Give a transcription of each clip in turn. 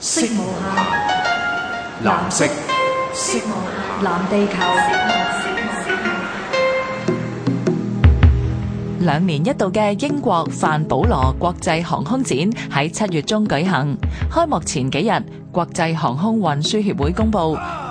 色無限，藍色。色無限，藍地球。兩年一度嘅英國范保羅國際航空展喺七月中舉行，開幕前幾日，國際航空運輸協會公布。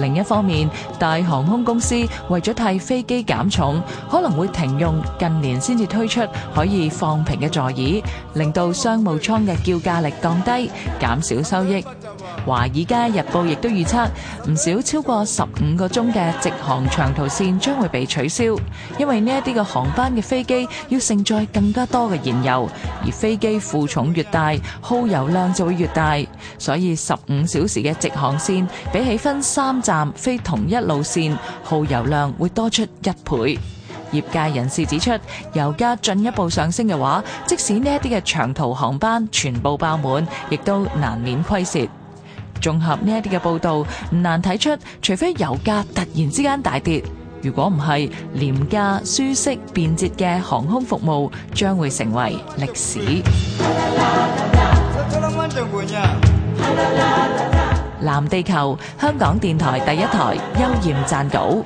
另一方面，大航空公司為咗替飛機減重，可能會停用近年先至推出可以放平嘅座椅，令到商務艙嘅叫價力降低，減少收益。華爾街日報亦都預測，唔少超過十五個鐘嘅直航長途線將會被取消，因為呢一啲嘅航班嘅飛機要承載更加多嘅燃油，而飛機負重越大，耗油量就會越大，所以十五小時嘅直航線比起分三。但非同一路線，耗油量會多出一倍。業界人士指出，油價進一步上升嘅話，即使呢一啲嘅長途航班全部爆滿，亦都難免虧蝕。綜合呢一啲嘅報道，唔難睇出，除非油價突然之間大跌，如果唔係，廉價、舒適、便捷嘅航空服務將會成為歷史。藍地球，香港電台第一台，邱焱撰稿。